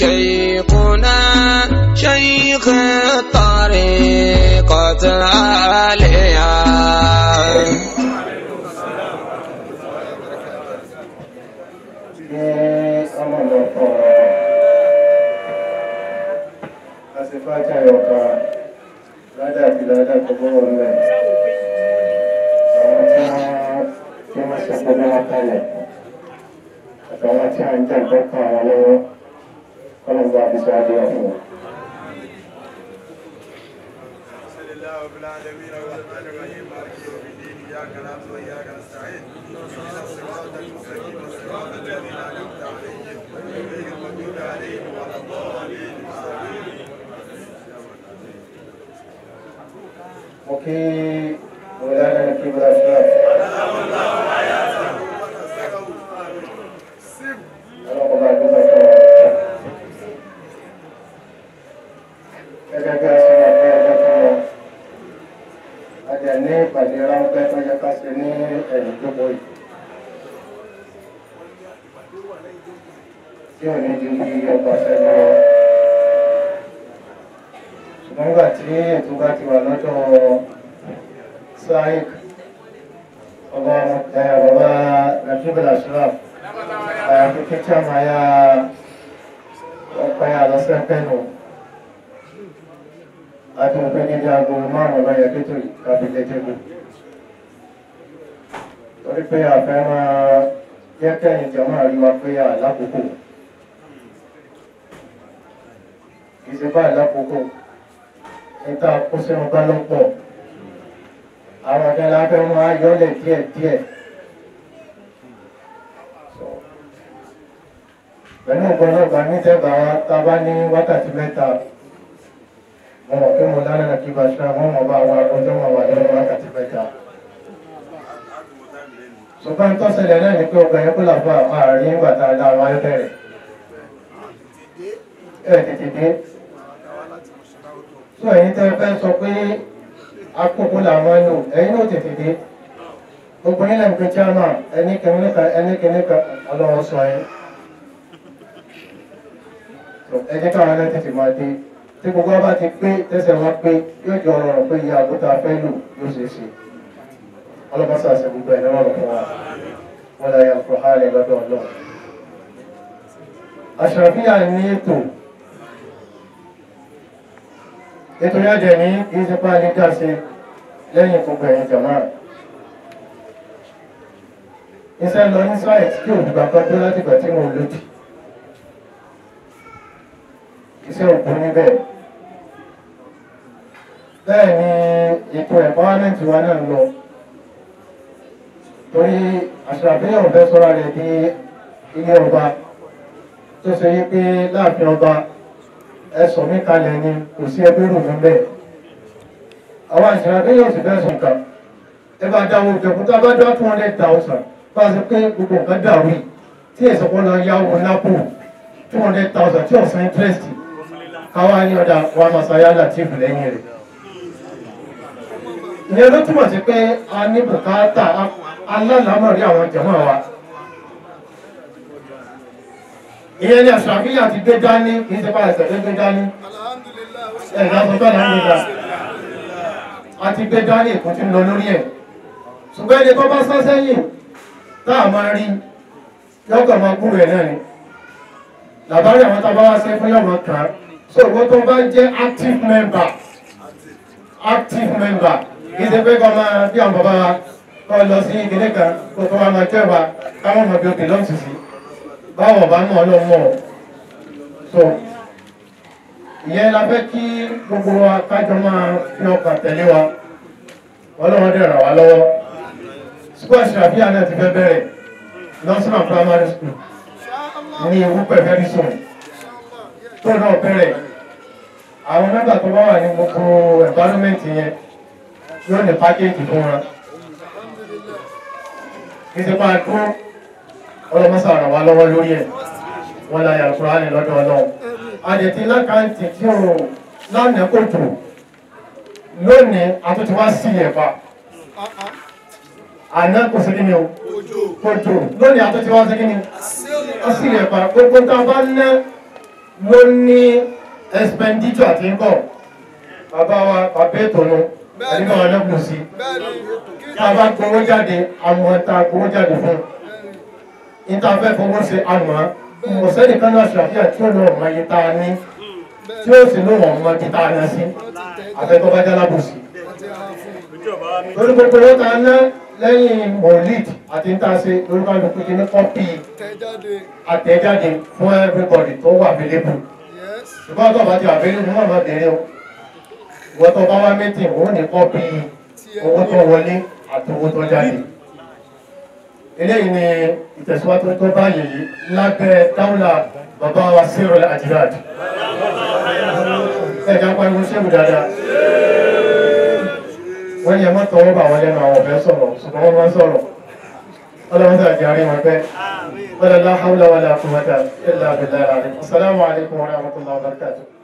شيخنا شيخ الطريقة العالية Asifata yoka, lada fi lada kaboro lai. Àwọn tí wọ́n tí wọ́n ṣe gbogbo wọn kalẹ̀, àtàwọn tí wọ́n jẹ́ ìgbọ́kàn wọn lọ́wọ́. بسعد يأمور الله رب العالمين الرحمن الرحيم مالك يوم الدين اياك نعبد واياك نستعين اهدنا الصراط المستقيم صراط الذين انعمت عليهم غير المغضوب عليهم ولا الضالين اوكي ولانا نكيب الاشخاص ìpàdé ráńpẹ́ tó yẹ ká ṣe ní ẹ̀yìn tó bọ̀ yìí. tí ò ní ju bí ọgbà sẹ́nu lọ. ṣùgbọ́n nígbà tí ètò bá ti wà lọ́dọ̀ sáyẹ̀k a tún pé ní aago márùn-ún lọ́yẹ kétò kábílẹ̀ tẹ́gùn torí pé àfẹ́ràn jẹ́ kẹ́yìn jọmọ́ àríwá pé àlákòókò kì í ṣe bá àlákòókò níta kó sínú bá ló pọ̀ àwọn ọ̀dẹ́ la fẹ́ máa yọ́lẹ̀ díẹ̀díẹ̀. pẹ̀lú ìgbọ́n náà bá ní tẹ́gbàá tá a ọmọ kí mo dáná na kí bàṣá wọn mọ bá wa ọjọ́ wọn wà lẹ́nu wákàtí mẹ́ta. ṣùgbọ́n tó ṣẹlẹ̀ náà ni pé obìnrin kò làbọ̀ àwọn àárín ìgbà tá a dá àwọn ayọ́tẹ̀ rẹ̀. ẹ tètè dé. sọ èyí tẹ́ fẹ́ sọ pé akókó làwọn lò ẹ̀yin náà tètè dé. obìnrin náà ń pe chairman ẹni kìnnìkan ẹni kìnnìkan ọlọ́wọ́ sọ ẹ jẹ́ káwọn náà máa dé tí gbogbo ọba ti pé tẹsẹ̀ wọn pé yóò jọ ọ̀rọ̀ pé ìyá àgùntà fẹ́ lò yóò ṣe é ṣe ọlọ́pàá sàṣẹ gbogbo ẹ̀ lọ́rọ̀ fún wa wọn lọ yà fún hàlẹ̀ lọ́dọ̀ náà. àṣàfihà ní ètò ètò yàjẹ̀ ní ìsìnká ní káṣe lẹ́yìn gbogbo ẹ̀yìn jọ̀mọ́ iṣẹ́ lọ ní science kí òdùgbà kan tó láti gbà tí mo lòdì iṣẹ́ òkú níbẹ̀ bẹ́ẹ̀ ni ètò ẹ̀fọ́wámẹ́ǹtì wa náà ń lọ torí àṣàfihàn ọ̀fẹ́ sọ́ra rẹ̀ ní ilé ọba tó ṣe yí pé láàfin ọba ẹ̀sọ̀ mi kalẹ̀ ni kò sí ẹgbẹ́ rò fún bẹ́ẹ̀ àwọn àṣàfihàn sì fẹ́ sùn kà ẹ bá dáwọ́ ìjọkúta bá dá two hundred thousand bá a ṣe pé gbogbo nǹkan dàrú yìí tí èso kan lọ yáwó lápò two hundred thousand tí ọ̀sán interest káwá ní ọ̀dà wa màsáyà láti ìbùlẹ́yìn rẹ̀ ìyẹn ló túmọ̀ sí pé a ní bùkátà alálàámọ̀rí àwọn jẹ̀mọ́ wa ìyẹn ni àṣàfihàn ti gbé dání kì í ṣe bá ẹsẹ̀ ló gbé dání ẹ̀dá tó tọ́ náà nígbà a ti gbé dání ìkún tí ń lọ lórí ẹ̀ ṣùgbọ́n ẹni tó bá sá sẹ́yìn tá a máa rí yọ́kọ̀ máa kúrò ẹ̀ náà ni làbárí àwọn tá a bá wá ṣe fún yọ̀mọ̀ kan so ìwọ́n tó bá jẹ́ active member active member kì í ṣe pé kọ́ máa bí àwọn bàbá wa kọ́ lọ sí ìdílé kan kó tó wá máa kẹ́ wa káwọn ọmọ bí o tèlé ọ̀sùn sí báwo ọba náà lọ mọ̀ so ìyẹn la fẹ́ kí gbogbo wa kájọ máa fi ọkàn tẹ̀lé wa ọlọ́run dẹ̀ ràn wá lọ́wọ́ school ṣàfihàn náà ti fẹ́ bẹ̀rẹ̀ nọ́sùnà primary school ní ìwúpẹ̀ very soon tó náà bẹ̀rẹ̀ àwọn mẹ́ta tó bá wà ní gbogbo environment yẹn yóò ní pákéèjì fún wọn kí ti máa dún ọlọ́mọsà ràn wá lọ́wọ́ lórí ẹ̀ wọ́n la yàrá kúrò á ní lọ́dọ̀ ọlọ́run àdètí lákàntì tí o lánàá kò tó lónìí àtúntí wá sí ẹ̀fà àná kò sí nínú kò tó lónìí àtúntí wá sí nínú wá sí ẹ̀fà gbogbo tá a bá ná ló ní expenditure àti ń bọ̀ bàbá wa bàbá ètò lọ àdìmọ̀ ọlọ́gùn sí tá a bá gbowó jáde àmọ́ tá a gbowó jáde fún níta fẹ́ fowó ṣe àmọ́ mọ̀sẹ́nì kan náà ṣàfihàn tí ó lọ ọ̀mọ yìí tá a ní tí ó sì lọ ọ̀mọ yìí tá a ná sí àfẹ́tọ́bájá lábòsí lórí gbogbo owó tá a ná lẹ́yìn mohlid àti ntaṣe lórúkọ àlùkò ti ní kọ́pì àtẹ̀jáde fún everybody tó wà available ṣùgbọ́n tó bá ti available mọ̀ máa bẹ̀rẹ̀ o wọ́n tó bá wá mẹ́tì òun ní kọ́pì owó tó wọlé àti owó tó jáde eléyìí ni ìtẹ̀síwájú tó báyìí lábẹ́ táwùlà bàbá wa sírò àjíjáde ẹ̀já pariwo sẹ́wù dáadáa wọ́n yẹ mọ́tò ọwọ́ bà wọ́n lẹ́nu àwọn ọ̀fẹ́ sọ̀rọ̀ ṣùgbọ́n wọ́n máa ń sọ̀rọ̀ ọlọ́run tó àjẹ́ àárín wọn pẹ́ wala la hawla wala quwwata illa billahi al-ali. Assalamu alaikum warahmatullahi wabarakatuh.